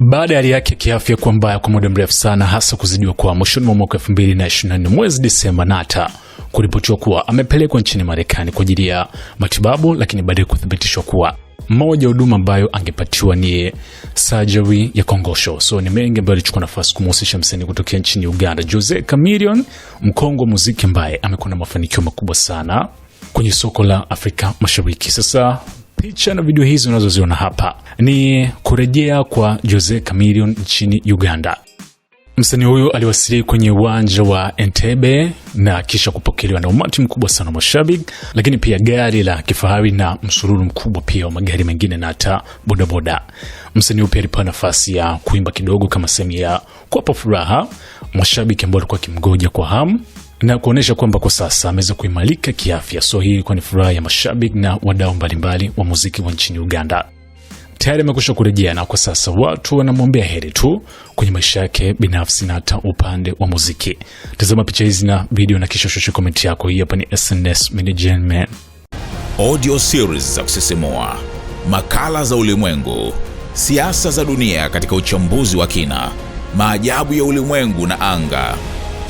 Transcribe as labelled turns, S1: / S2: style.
S1: baada ya hali yake kiafya kuwa mbaya kwa muda mrefu sana, hasa kuzidiwa kwa mwishoni mwa mwaka nne mwezi Disemba, hata kuripotiwa kuwa amepelekwa nchini Marekani kwa ajili ya matibabu, lakini baadaye kuthibitishwa kuwa moja huduma ambayo angepatiwa ni surgery ya kongosho. So ni mengi ambayo alichukua nafasi kumhusisha msanii kutokea nchini Uganda Jose Chameleone, mkongwe muziki ambaye amekuwa na mafanikio makubwa sana kwenye soko la Afrika Mashariki. Sasa picha na video hizi unazoziona hapa ni kurejea kwa Jose Chameleone nchini Uganda. Msanii huyu aliwasili kwenye uwanja wa Entebbe na kisha kupokelewa na umati mkubwa sana wa mashabiki, lakini pia gari la kifahari na msururu mkubwa pia wa magari mengine na hata bodaboda. Msanii huyu pia alipewa nafasi ya kuimba kidogo kama sehemu ya kuwapa furaha mashabiki ambao walikuwa wakimgoja kwa hamu na kuonyesha kwamba kwa sasa ameweza kuimarika kiafya. So hii ilikuwa ni furaha ya mashabiki na wadau mbalimbali wa muziki wa nchini Uganda. Tayari amekwisha kurejea na kwa sasa watu wanamwombea heri tu kwenye maisha yake binafsi na hata upande wa muziki. Tazama picha hizi na video na kisha shusha komenti yako. Hii hapa ni SNS Management.
S2: Audio series za kusisimua, makala za ulimwengu, siasa za dunia katika uchambuzi wa kina, maajabu ya ulimwengu na anga